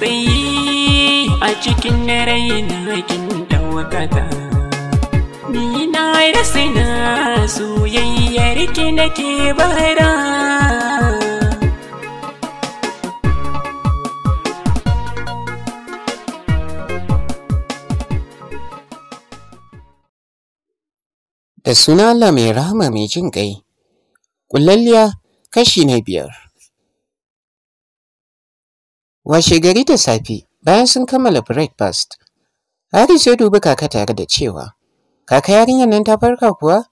tsayi a cikin raina kin ɗaukaka ni na rasa na soyayyar ki nake bara da suna Allah mai mai jin ƙai. Ƙullalliya kashi na biyar. Washe gari da safe bayan sun kammala breakfast, Haris sai dubi kaka tare da cewa, Kaka yarinyar nan ta farka kuwa?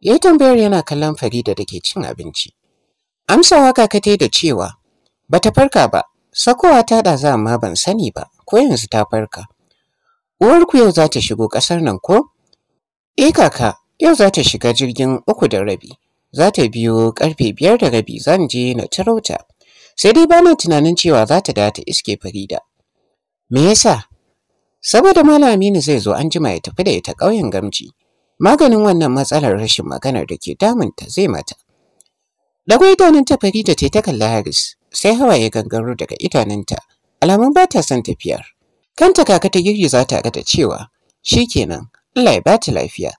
Ya tambayar yana kallon Farida da ke cin abinci. Amsawa kaka ta da cewa, Bata farka ba, sakowa ta ɗaza amma ban sani ba, ko yanzu ta farka. Uwarku yau za ta shigo ƙasar nan ko? E kaka, yau za ta shiga jirgin uku da rabi, za ta biyo ƙarfe biyar da rabi zan je na tarauta. sai dai bana tunanin cewa za ta dawo ta iske Farida. Me yasa? Saboda Malam Aminu zai zo an jima ya tafi da ita ƙauyen Gamji. Maganin wannan matsalar rashin maganar da ke damun ta zai mata. Dago idanunta Farida ta ta kalla Haris, sai hawa ya gangaro daga idanunta, alamun ba ta son tafiyar. Kanta kaka ta za ta ga da cewa, shi shikenan, Allah ya bata lafiya.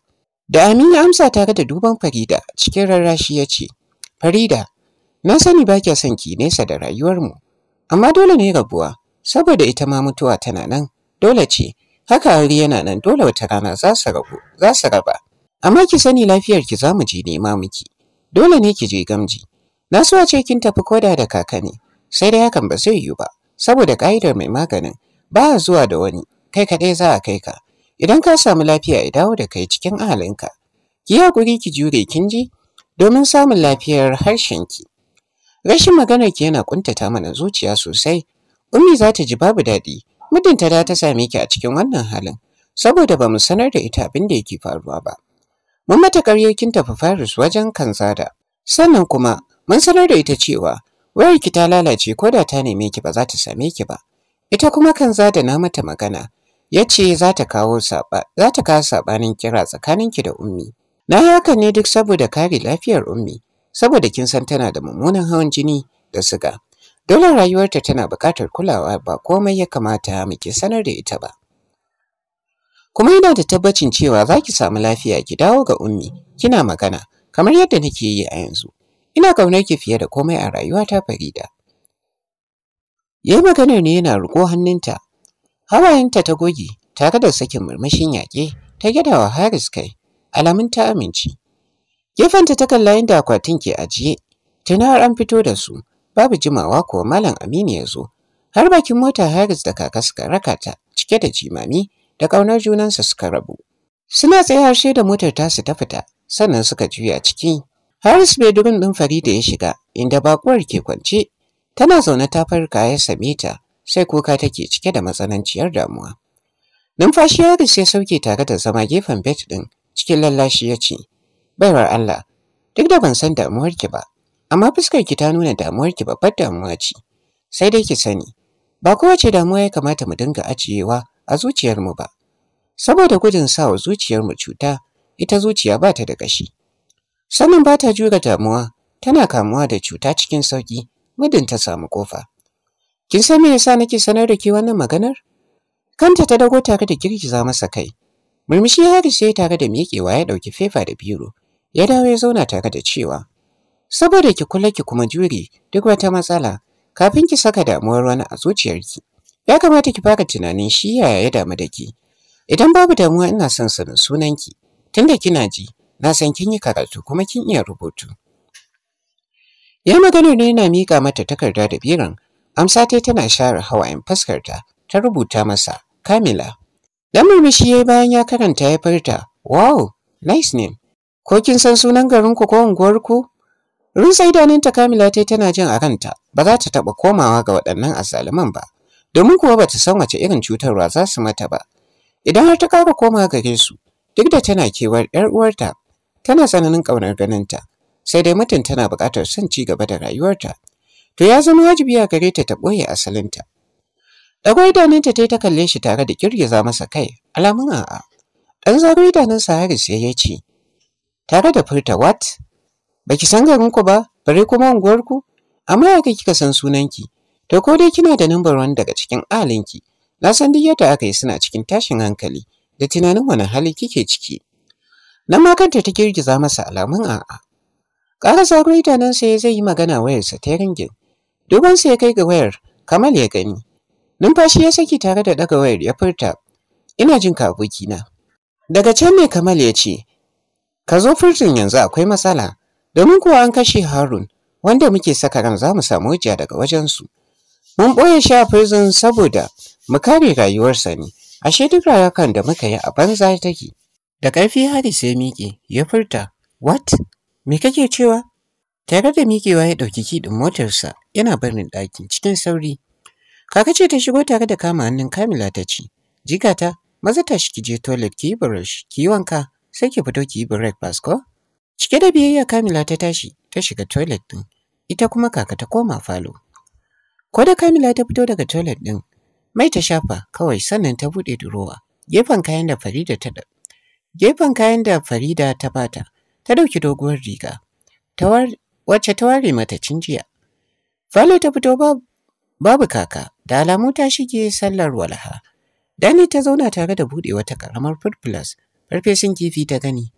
Da Aminu amsa ta ga da duban Farida cikin rarrashi ya ce, Farida, Na sani ba kya son ki nesa da rayuwarmu, amma dole ne rabuwa, saboda ita ma mutuwa tana nan, dole ce, haka hari yana nan dole wata rana za su rabu, za su raba. Amma ki sani lafiyar ki za mu je nema miki, dole ne ki je gamji. Na so a ce kin tafi koda da kaka ne, sai dai hakan ba zai yiwu ba, saboda ƙa'idar mai maganin ba zuwa da wani, kai kaɗai za a kai ka. Idan ka samu lafiya ya dawo da kai cikin ahalinka, ki yi haƙuri ki jure kin ji domin samun lafiyar harshenki. Rashin maganar ki yana kuntata mana zuciya sosai. Ummi za ta ji babu daɗi. Mijinta da ta same ki a cikin wannan halin saboda ba mu sanar da ita abin da yake faruwa ba. Mun mata karyokin tafi Paris wajen Kanzada. Sannan kuma mun sanar da ita cewa wayar ki ta lalace ko da ta neme ki ba za ta same ki ba. Ita kuma Kanzada na mata magana. Ya ce za ta kawo saba za ta kawo sabanin kira tsakaninki da Ummi. Na haka ne duk saboda kare lafiyar Ummi. saboda kin san tana da mummunan hawan jini da suga. Dole rayuwarta tana buƙatar kulawa ba komai ya kamata mu muke sanar da ita ba. Kuma yana da tabbacin cewa za ki samu lafiya ki dawo ga ummi, kina magana, kamar yadda nake yi a yanzu. Ina ƙaunar ki fiye da komai a rayuwata Farida. Ya yi maganar ne yana riƙo hannunta, hawayenta ta goge tare da sakin murmushin yaƙe ta wa Haris kai, alamun ta amince. Gefenta ta kalla inda akwatin ke ajiye, tuna har an fito da su, babu jimawa ko Malam Aminu ya zo. Har bakin mota Haris da kaka suka raka ta cike da jimami da ƙaunar junansa suka rabu. Suna tsaye harshe da motar tasu ta fita, sannan suka juya ciki. Haris bai durin ɗin da ya shiga, inda bakuwar ke kwance. Tana zaune ta farka ya same ta, sai kuka take cike da matsananciyar damuwa. Numfashi Haris ya sauke tare da zama gefen bet ɗin, cikin lallashi ya ce, baiwar Allah duk da ban san damuwar ki ba amma fuskar ki ta nuna damuwar ki babbar damuwa ce sai dai ki sani ba kowace damuwa ya kamata mu dinga ajiyewa a zuciyarmu ba saboda gudun sawa zuciyarmu cuta ita zuciya ba ta da ƙashi sannan ba ta jure damuwa tana kamuwa da cuta cikin sauƙi mudin ta samu ƙofa. kin san me yasa nake sanar da ke wannan maganar kanta ta dago tare da girgiza masa kai murmushi haris sai tare da miƙewa ya ɗauki fefa da biro ya dawo ya zauna tare da cewa saboda ki kula ki kuma jure duk wata matsala kafin ki saka damuwar wani a zuciyarki ya kamata ki fara tunanin shi yaya ya damu da ki idan babu damuwa ina son sanin sunanki tunda kina ji na san kin yi karatu kuma kin iya rubutu ya maganar ne yana miƙa mata takarda da biran amsa ta tana share hawayen fuskarta ta rubuta masa kamila dan murmushi ya bayan ya karanta ya furta wow nice name Ko kin san sunan garinku ko unguwarku? Rusa idanunta Kamila tai tana jin a ranta, ba za ta taɓa komawa ga waɗannan azzaluman ba, domin kuwa ba ta san wace irin cutarwa za su mata ba. Idan har ta ƙara koma gare su, duk da tana kewar ‘yar uwarta, tana tsananin ƙaunar ganinta, sai dai mutum tana buƙatar son ci gaba da rayuwarta. To ya zama wajibi a gare ta ta ɓoye asalinta. Ɗago idanunta ta yi ta kalle shi tare da girgiza masa kai, alamun a'a. Ɗan zaro idanunsa sai ya ce, tare da furta what baki san garinku ba bare kuma unguwarku amma ya kai kika san sunanki to ko dai kina da number wani daga cikin alinki na san duk yadda aka yi suna cikin tashin hankali da tunanin wani hali kike ciki nan ma kanta ta girgiza masa alamun a'a ƙara sauro idanunsa ya zai yi magana wayarsa ta ringin sa ya kai ga wayar kamal ya gani numfashi ya saki tare da ɗaga wayar ya furta ina jin ka abokina daga can ne kamal ya ce Ka zo furjin yanzu akwai matsala, domin kuwa an kashe Harun wanda muke saka ran za mu samu hujja daga wajensu. Mun ɓoye shi a prison saboda mu kare rayuwarsa ne, ashe duk rayukan da muka yi a banza take. Da ƙarfi hari sai miƙe ya furta, What? Me kake cewa? Tare da miƙewa ya ɗauki kiɗin motarsa yana barin ɗaki cikin sauri. Kaka ce ta shigo tare da kama hannun Kamila ta ce, Jigata, maza ta shi ki je toilet ki yi brush, ki yi wanka, sai ki fito ki yi breakfast ko? Cike da biyayya Kamila ta tashi ta shiga toilet ɗin, ita kuma kaka ta koma falo. Ko da Kamila ta fito daga toilet ɗin, mai ta shafa kawai sannan ta buɗe durowa gefen kayan da Farida ta da gefen kayan da Farida ta bata ta ɗauki doguwar riga wacce ta ware mata cinjiya. Falo ta fito babu kaka da alamu ta shige sallar walaha. Dani ta zauna tare da buɗe wata ƙaramar food plus farfesun kifi ta gani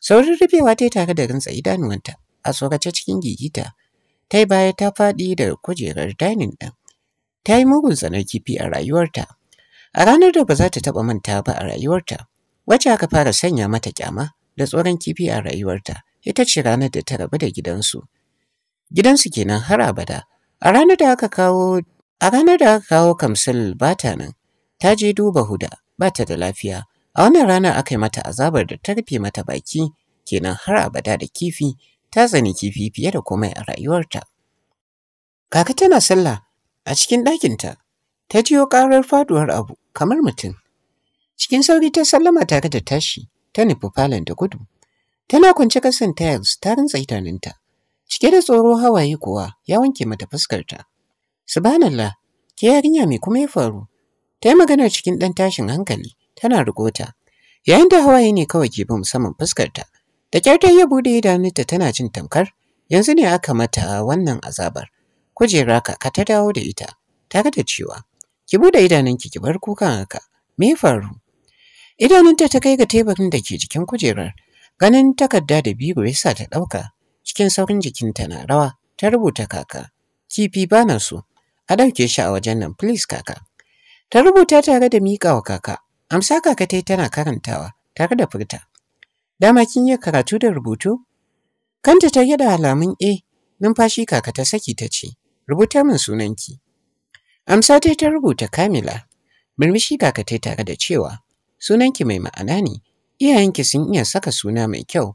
saurin rufewa ta yi tare da rintsa idanuwanta a tsorace cikin gigita ta yi baya ta faɗi da kujerar dining ɗin ta yi mugun tsanar kifi a rayuwarta a ranar da ba za ta taɓa manta ba a rayuwarta wacce aka fara sanya mata kyama da tsoron kifi a rayuwarta ita ce ranar da ta rabu da gidansu gidansu kenan har abada a ranar da aka kawo a ranar da aka kawo kamsil ba nan ta je duba huda ba ta da lafiya A wannan rana aka yi mata azabar da ta rufe mata baki kenan har abada da kifi ta zani kifi fiye da komai a rayuwarta. Kaka tana sallah a cikin ɗakinta ta jiyo ƙarar faduwar abu kamar mutum. Cikin sauri ta sallama tare da tashi ta nufi falon da gudu. Tana kwance kasan tiles ta rintsa idanunta. Cike da tsoro hawaye kuwa ya wanke mata fuskarta. Subhanallah, ke yarinya me kuma ya faru? Ta yi maganar cikin ɗan tashin hankali. tana rigota. Yayin da hawaye ne kawai ke bin saman fuskarta, da kyar ya buɗe idanunta tana jin tamkar, yanzu ne aka mata wannan azabar. Kujera kaka ta dawo da ita, ta ga da cewa, ki buɗe idanunki ki bar kukan haka, me faru? Idanunta ta kai ga teburin da ke jikin kujerar, ganin takarda da biro ya sa ta ɗauka, cikin saurin jikinta na rawa, ta rubuta kaka, kifi bana so, a ɗauke shi a wajen nan please kaka. Ta rubuta tare da miƙa wa kaka, Amsa kaka ta tana karantawa tare da furta. Dama kin yi karatu da rubutu? Kanta ta da alamun A, eh, numfashi kaka ta saki ta ce, rubuta min sunanki. Amsa tai ta rubuta Kamila, murmushi kaka ta tare da cewa, sunanki mai ma'ana ne, iyayenki sun iya saka suna mai kyau.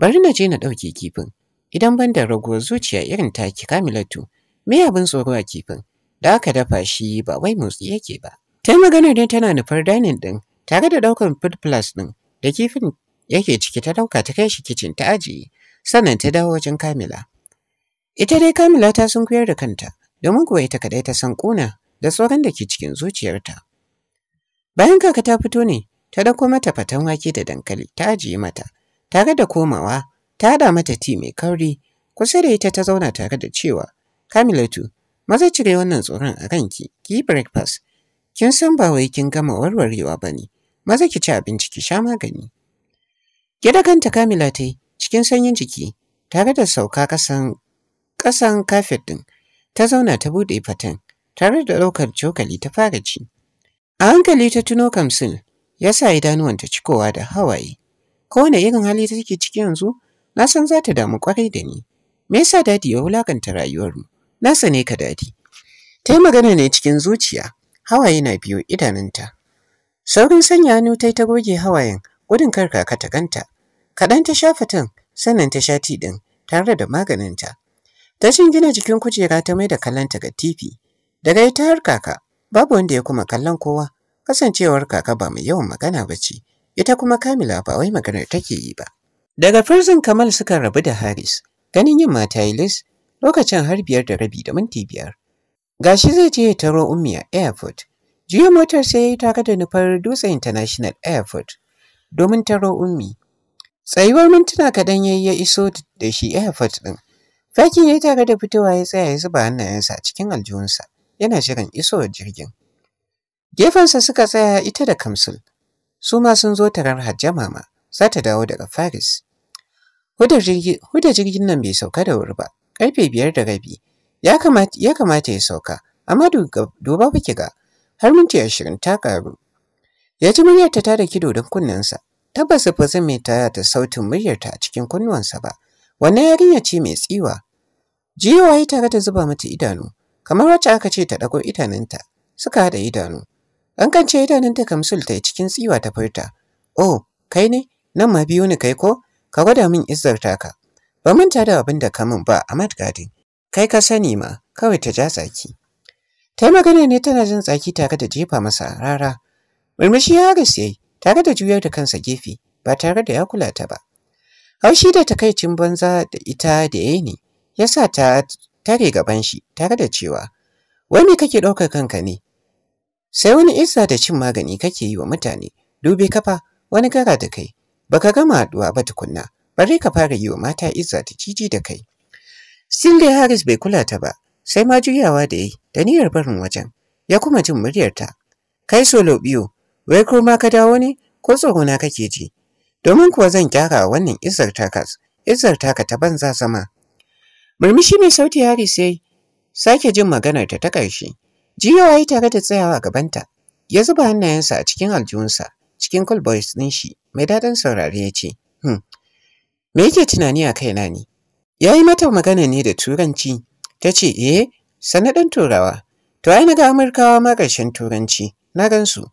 Bari na je na ɗauke kifin, idan ban da raguwar zuciya irin taki Kamilatu, me abin tsoro a kifin, da aka dafa shi ba wai motsi yake ba. Ta yi maganar tana nufar dining ɗin tare da ɗaukar food plus ɗin da kifin yake ciki ta ɗauka ta kai shi kicin ta ajiye sannan ta dawo wajen Kamila. Ita dai Kamila ta sun kuyar da kanta domin kuwa ita kadai ta san ƙuna da tsoron da ke cikin zuciyarta. Bayan kaka ta fito ne ta ɗauko mata fatan wake da dankali ta ajiye mata tare da komawa ta haɗa mata ti mai kauri kusa da ita ta zauna tare da cewa tu, maza cire wannan tsoron a ranki ki breakfast kin san ba wai kin gama warwarewa ba ne, maza ki ci abinci ki sha magani. Gida kanta Kamila ta yi cikin sanyin jiki tare da sauka kasan kasan kafet ɗin ta zauna ta buɗe fatan tare da ɗaukar cokali ta fara ci. A hankali ta tuno kamsin, ya sa idanuwanta cikowa da hawaye. Kowane irin hali ta take ciki yanzu na san za ta damu kwarai da ni. Me yasa dadi ya wulakanta rayuwarmu? Na sane ka dadi. Ta yi magana ne cikin zuciya hawaye na biyu idanunta. Saurin sanya hannu ta yi ta goge hawayen gudun kar kaka ta ganta. Kaɗan ta sha fatan sannan ta sha ti ɗin tare da maganinta. Ta gina jikin kujera ta mai da kallonta ga tifi. Daga ita har kaka babu wanda ya kuma kallon kowa kasancewar kaka ba mai yawan magana ba ce ita kuma kamila ba wai maganar take yi ba daga firzin kamal suka rabu da haris ganin yin mata ilis lokacin har biyar da rabi da minti biyar Gashi zai je ya taro ummi a airport. Jiya motar sai ya yi taka da nufar Dutse International Airport domin taro ummi. Tsayuwar mintuna kaɗan ya ya iso da shi airport ɗin. Fakin ya yi taka da fitowa ya tsaya ya zuba hannayensa a cikin aljihunsa yana shirin iso jirgin. Gefensa suka tsaya ita da Kamsul. Su ma sun zo tarar Hajja Mama za ta dawo daga Faris. Huda jirgin nan bai sauka da wuri ba, Karfe biyar da rabi ya kamata ya kamata sauka amma duba baki ga har minti ashirin ta karu ya ji muryarta ta da kido don kunnensa tabbas ba zan mai taya ta sautin muryarta a cikin kunnuwansa ba wannan yarinya ce mai tsiwa jiwa ya tare ta zuba mata idanu kamar wacce aka ce ta ɗago idanunta suka haɗa idanu An kance idanunta kamsul ta yi cikin tsiwa ta furta oh kai ne nan ma biyu ni kai ko ka gwada min izzar taka ba manta da abinda da ka min ba Ahmad Gadin kai ka sani ma kawai ta ja tsaki ta yi magana ne tana jin tsaki tare da jefa masa rara murmushi ya ya yi tare da juyar da kansa gefe ba tare da ya kula ta ba haushi da ta kai cin banza da ita da ya ne ya sa ta tare gaban shi tare da cewa wai me kake ɗaukar kanka ne sai wani isa da cin magani kake yi wa mutane dube kafa wani gara da kai baka gama haɗuwa ba tukunna bare ka fara yi wa mata izza ta ciji da kai Still dai Haris bai kula ta ba, sai ma juyawa da yi da niyyar barin wajen, ya kuma jin muryarta. Kai solo biyu, wai ko ma ka dawo ne ko tsorona kake ji? Domin kuwa zan kyara wannan izar takas, izar taka ta banza sama. Murmushi mai sauti Haris sai sake jin maganar ta ta ƙarshe. Jiyawa yi tare da tsayawa gabanta, ya zuba hannayensa a cikin aljihunsa, cikin cool boys ɗin shi, mai daɗin saurare ya ce, Hmm, me yake tunani a kaina ne? ya yi mata magana ne da turanci ta ce eh sanna ɗan turawa to ai na ga amurkawa ma ƙarshen turanci na gansu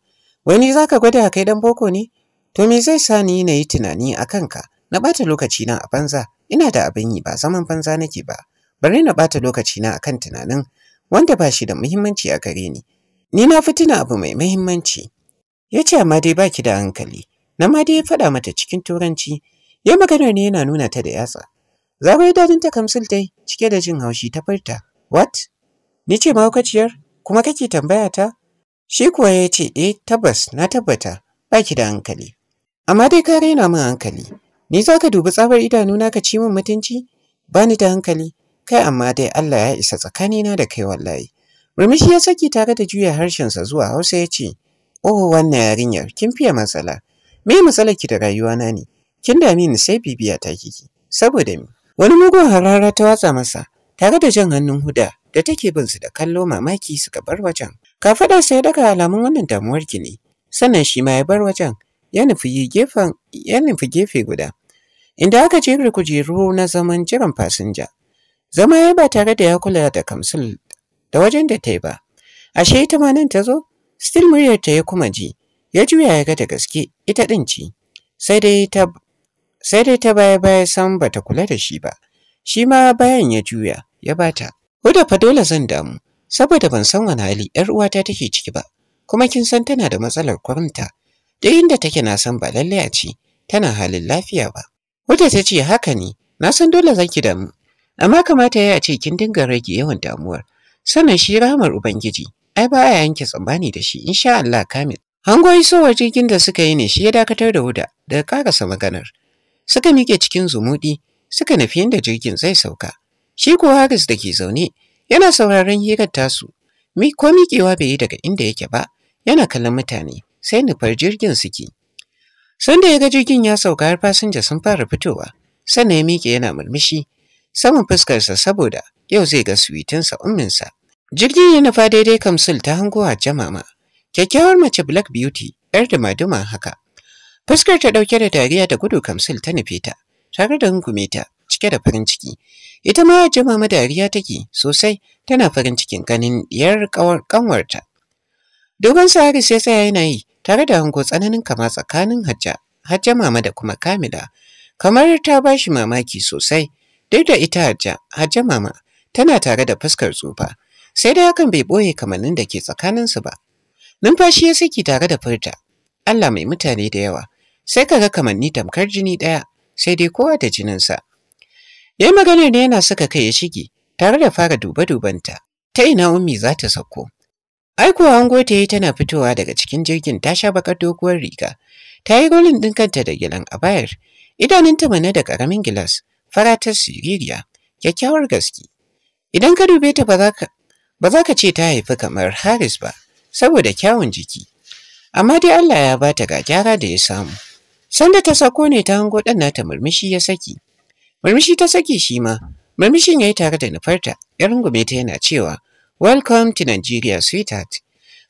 wani za ka gwada kai dan boko ne to me zai sa ni na yi tunani a kanka na bata lokaci na a banza ina da abin yi ba zaman banza nake ba bari na ɓata lokacina a kan tunanin wanda ba shi da muhimmanci a gare ni ni na fi tuna abu mai muhimmanci ya ce amma dai baki da hankali na ma dai ya faɗa mata cikin turanci ya maganar ne yana nuna ta da yatsa dadin yi kamsul ta yi cike da jin haushi ta furta. What? Ni ce mahaukaciyar? Kuma kake tambaya ta? Shi kuwa ya ce, eh tabbas na tabbata, ba ki da hankali. Amma dai ka raina min hankali. Ni za ka dubi tsabar idanuna ka ci min mutunci? Ba ni da hankali. Kai amma dai Allah ya isa tsakanina da kai wallahi. Murmushi ya saki tare da juya harshensa zuwa Hausa ya ce, Oh wannan yarinyar, kin fiye matsala. Me matsalar ki da rayuwana ne? Kin dami ni sai bibiya ta kiki. Saboda me? Wani mugun harara ta watsa masa tare da jan hannun Huda da take bin su da kallo mamaki suka bar wajen. Ka Kafaɗa sai ya daga alamun wannan damuwar ki ne, sannan shi ma ya bar wajen ya nufi gefen ya nufi gefe guda. Inda aka jera kujeru na zaman jiran fasinja. Zama ya ba tare da ya kula da kamsul da wajen da ta yi ba. Ashe ita ma nan ta zo? Still muryar ta ya kuma ji. Ya juya ya ga da gaske ita ɗin ce. Sai dai ta sai dai ta baya baya san bata kula da shi ba shi ma bayan ya juya ya bata huda fa dole zan damu saboda ban san wani hali yar uwata take ciki ba kuma kin san tana da matsalar kwamta duk inda take na san ba lalle a ce tana halin lafiya ba huda ta ce haka ne na san dole zan ki damu amma kamata ya ce kin dinga rage yawan damuwar sannan shi rahamar ubangiji ai ba a yanke tsammani da shi insha Allah kamil hango iso waje da suka yi ne shi ya dakatar da huda daga karasa maganar suka miƙe cikin zumuɗi suka nufi inda jirgin zai sauka. Shi ko Haris da ke zaune yana sauraron hirar tasu, mi ko miƙewa bai yi daga inda yake ba, yana kallon mutane sai nufar jirgin suke. Sanda ya ga jirgin ya sauka har fasinja sun fara fitowa, sannan ya miƙe yana murmushi saman fuskarsa saboda yau zai ga suwitinsa umminsa. Jirgin ya nufa daidai kamsul ta hango a jamama. Kyakkyawar mace Black Beauty, yar da maduma haka, Fuskar ta ɗauke da dariya da gudu kamsil ta nufe ta, tare da hungume ta cike da farin ciki. Ita ma jama ma dariya take sosai tana farin cikin ganin diyar kanwarta. Dogon sahari ya tsaya yana yi tare da hango tsananin kama tsakanin hajja, hajja mama da kuma kamila. Kamar ta ba shi mamaki sosai, duk da ita hajja, hajja mama tana tare da fuskar tsufa, sai dai hakan bai ɓoye kamannin da ke tsakaninsu ba. Numfashi ya saki tare da furta, Allah mai mutane da yawa, sai kaga ga kamanni tamkar jini ɗaya sai dai kowa da jininsa. Ya yi maganar da yana saka kai ya shige tare da fara duba-dubanta ta ina ummi za ta sauko. Aikowa an gote tana fitowa daga cikin jirgin ta sha bakar doguwar riga. Ta yi rolin ɗin kanta da gilan a bayar. Idanunta mana da ƙaramin gilas, fara ta siririya, kyakkyawar gaske. Idan ka dube ta ba za ka ce ta haifi kamar Haris ba, saboda kyawun jiki. Amma dai Allah ya ba ta ga gyara da ya samu. Sanda ta sako ne ta hango ɗan nata murmushi ya saki. Murmushi ta saki shi ma, murmushin ya yi tare da nufarta, Yar rungume ta yana cewa, Welcome to Nigeria, sweetheart.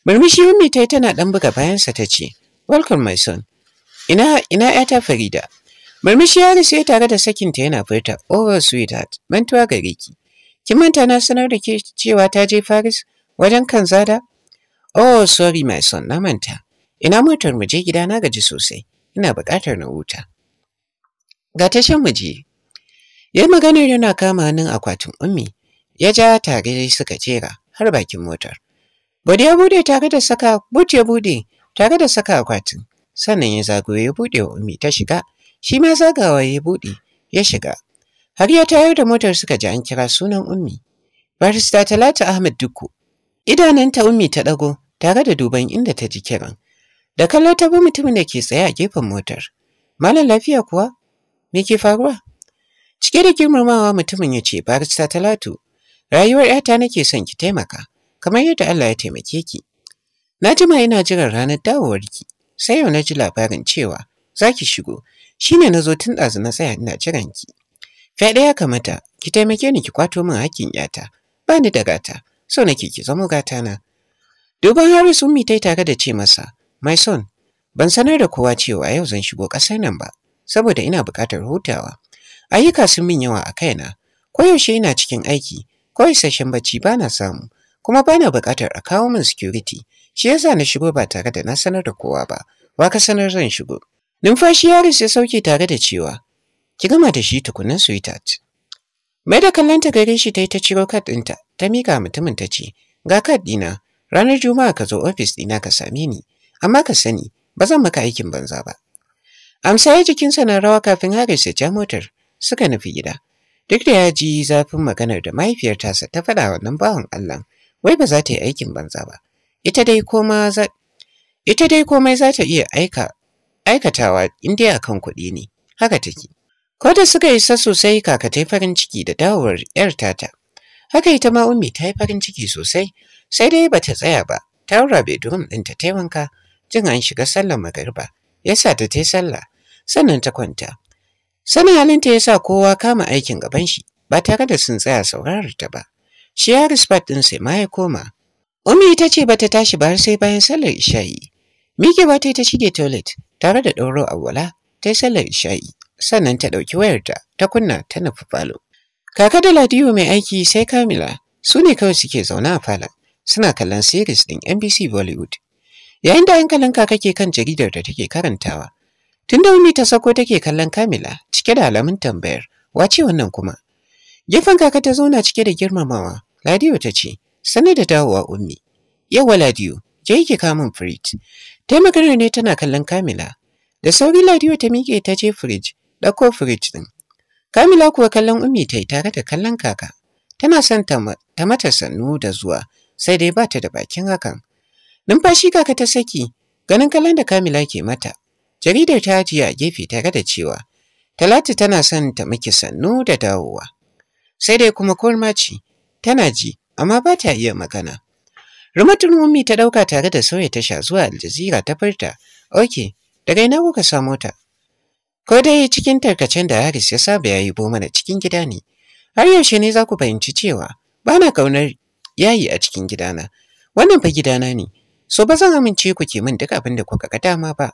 Murmushi Ummi ta yi tana ɗan buga bayansa ta ce, Welcome my son. Ina ina ‘yata Farida. Murmushi ya sai tare da sakinta yana furta, Oh sweetheart, mantuwa gare ki. Kin manta na sanar da ke cewa ta je Paris wajen kan zada? Oh sorry my son, na manta. Ina motar mu je gida na gaji sosai. ina buƙatar na huta. Ga ta shan muje. Ya yi maganar yana kama hannun akwatin ummi, ya ja tare suka jera har bakin motar. Bode ya bude tare da saka ya bude tare da saka akwatin, sannan ya zagoye ya bude wa ummi ta shiga, shi ma zagawa ya bude ya shiga. Har ya tayar da motar suka ji an kira sunan ummi. Barista Talatu Ahmed Dukku, idananta ummi ta ɗago tare da duban inda ta ji kiran. Da kallo ta bi mutumin da ke tsaye a gefen motar. Malam lafiya kuwa? Me ke faruwa? Cike da girmamawa mutumin ya ce, Barista Talatu, rayuwar ‘yata nake son ki taimaka, kamar yadda Allah ya taimake ki. Na jima ina jiran ranar dawowarki, sai yau na ji labarin cewa za ki shigo, shi ne na zo tun ɗazu na tsaya ina jiran ki. Fyaɗe ya kamata, ki taimake ni ki kwato min hakkin ‘yata, ba ni da gata, so nake ki zama gata na. Duban Harisu ta yi tare da ce masa, My son, ban sanar da kowa cewa yau zan shigo ƙasar nan ba, saboda ina buƙatar hutawa. Ayyuka sun min yawa a kaina, koyaushe ina cikin aiki, ko isasshen bacci ba na samu, kuma ba na buƙatar a kawo min security, shi yasa na shigo ba tare da na sanar da kowa ba, wa ka sanar zan shigo. Numfashi Yaris ya sauke tare da cewa, ki gama da shi tukunan sweetheart. Mai da kallon ta gare shi ta yi ta ciro kad ɗinta, ta miƙa mutumin ta ce, ga kad ɗina, ranar Juma'a ka zo ofis ɗina ka same ni, amma ka sani ba zan maka aikin banza ba. Amsa ya jikinsa na rawa kafin Haris ya ja motar suka nufi gida. Duk da ya ji zafin maganar da mahaifiyar tasa ta faɗa wannan bawan Allah, wai ba za ta yi aikin banza ba. Ita dai koma za Ita dai komai za ta iya aika aikatawa in dai akan kuɗi ne. Haka take. Ko da suka isa sosai kaka ta farin ciki da dawowar 'yar tata. Haka ita ma ummi ta yi farin ciki sosai, sai dai ba ta tsaya ba. Ta wura bedroom ɗinta ta yi wanka, jin an shiga sallar magariba ya sa ta ta sallah sannan ta kwanta sanin halinta ya sa kowa kama aikin gaban shi ba tare da sun tsaya saurarar ta ba shi ya rispat ɗin sai ma ya koma umi ta ce ba ta tashi ba har sai bayan sallar isha'i mike ba ta shige toilet tare da ɗauro wala, ta yi sallar isha'i sannan ta ɗauki wayarta ta kunna ta nufi falo kaka da ladiyo mai aiki sai kamila su ne kawai suke zaune a falon suna kallon series ɗin NBC Bollywood. yayin da hankalinka kake kan jaridar da take karantawa tun da wumi ta sako take kallon kamila cike da alamun tambayar wace wannan kuma gefen kaka ta zauna cike da girmamawa ladiyo ta ce sani da dawowa ummi yawa ladiyo je yake kamun firij ta magana ne tana kallon kamila da sauri ladiyo ta miƙe ta je firij ɗauko firij ɗin kamila kuwa kallon ummi ta yi tare da kallon kaka tana son ta mata sannu da zuwa sai dai ba ta da bakin hakan Numfashi kaka ta saki, ganin kallon da Kamila ke mata. Jaridar ta ajiye a gefe tare da cewa, Talatu tana son ta miki sannu da dawowa. Sai dai kuma kurma tana ji, amma ba ta iya magana. Rumatun Ummi ta ɗauka tare da sauya tasha zuwa Aljazira ta furta, Oke, daga ina kuka sa mota. Ko dai cikin tarkacen da Haris ya saba yayi bo mana cikin gida ne. Har yaushe ne za ku fahimci cewa Bana na ƙaunar yayi a cikin gidana. Wannan fa gidana ne, so ba zan amince ku ke min duk abin da kuka ga dama ba.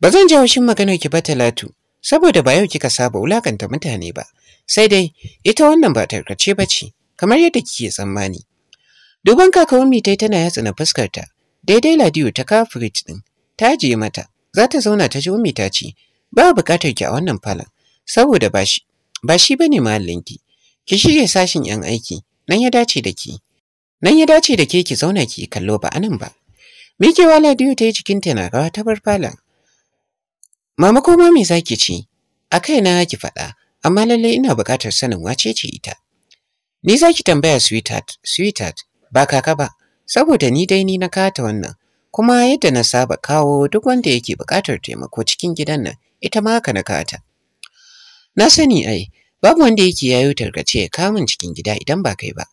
Ba zan ji haushin maganar ki ba Talatu, saboda ba yau kika saba wulakanta mutane ba, sai dai ita wannan ba tarkace ba ce, kamar yadda kike tsammani. Duban kakawar mitai tana yatsa na fuskar ta daidai ladiyo ta kawo firij ɗin, ta je mata, za ta zauna ta ji ummi ta ce, ba buƙatar ki a wannan falon, saboda ba shi ba ne mahallinki, ki shirya sashin 'yan aiki, nan ya dace da ki. Nan ya dace da ke ki zauna ki kallo ba anan ba. Mikewa Ladiyo ta yi jikinta na rawa ta bar falon. Mama ko mami zaki ci, a kaina ki faɗa, amma lalle ina buƙatar sanin wace ce ita. Ni za ki tambaya sweetheart, sweetheart, ba kaka ba, saboda ni dai ni na kata wannan, kuma yadda na saba kawo duk wanda yake buƙatar taimako cikin gidan nan, ita ma haka na kata. Na sani ai, babu wanda yake yayo tarkace ya kamun cikin gida idan ba kai ba.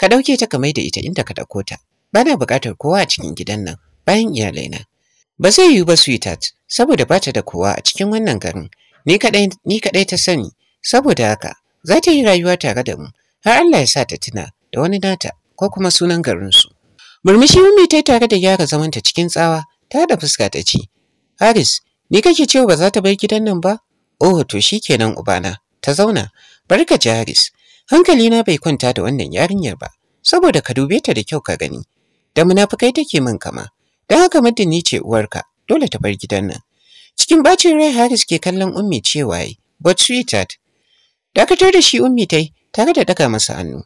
ka dauke ta ka mai da ita inda ka dauko ta bana bukatar kowa a cikin gidan nan bayan iyalaina ba zai yiwu ba sweetheart saboda ba ta da kowa a cikin wannan garin ni kadai ni kadai ta sani saboda haka za ta yi rayuwa tare da mu har Allah ya sa ta tuna da wani nata ko kuma sunan garin su murmushi Ummi ta tare da gyara zamanta cikin tsawa ta da fuska ta ce Haris ni kake cewa ba za ta bar gidan nan ba oh to shikenan ubana ta zauna barka ji Haris Hankalina bai kwanta da wannan yarinyar ba, saboda ka dube ta da kyau ka gani. Da munafukai take min kama, don haka muddin ni ce uwarka, dole ta bar gidan nan. Cikin bacin rai Haris ke kallon Ummi cewa yi, but sweetheart. Dakatar da shi Ummi tai, tare da daga masa hannu.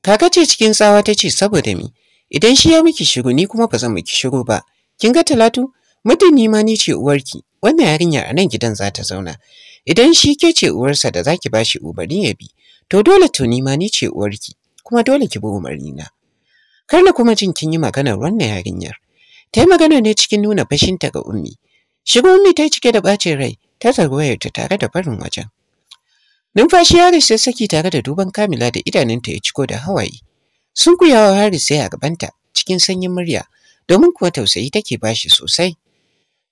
Kaka ce cikin tsawa ta ce saboda mi, idan shi ya miki shiru ni kuma ba zan miki shiru ba. Kin ga Talatu, muddin ni ma ni ce uwarki, wannan yarinyar a nan gidan za ta zauna. Idan shi ke ce uwarsa da za ki ba shi ya bi, To dole to ni ma ni ce uwarki, kuma dole ki bi umarnina. Kar na kuma jin kin yi maganar wannan yarinyar. Ta yi magana ne cikin nuna fashinta ga Ummi. Shiga Ummi ta yi cike da bacin rai, ta tarwayarta tare da barin wajen. Numfashi Haris ya saki tare da duban Kamila da idanunta ya ciko da hawaye. Sun kuyawa Haris sai a gabanta cikin sanyin murya, domin kuwa tausayi take bashi sosai.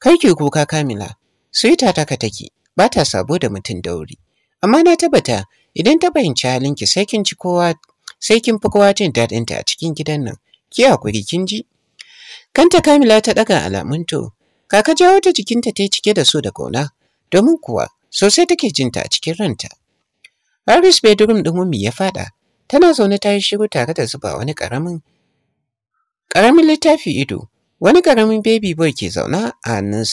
Kar ki kuka Kamila, suita taka take, ba ta sabo da mutum da wuri. Amma na tabbata Idan ta fahimci halinki sai kin ci kowa sai kin fi kowa jin daɗinta a cikin gidan nan. Ki hakuri kin ji? Kanta Kamila ta ɗaga alamun to. Kaka jawo ta jikinta ta yi cike da so da ƙauna. Domin kuwa sosai take jin ta a cikin ranta. Haris bedroom ɗin Ummi ya faɗa. Tana zaune ta yi shiru tare da zuba wani ƙaramin ƙaramin littafi ido. Wani ƙaramin baby boy ke zauna a hannunsa.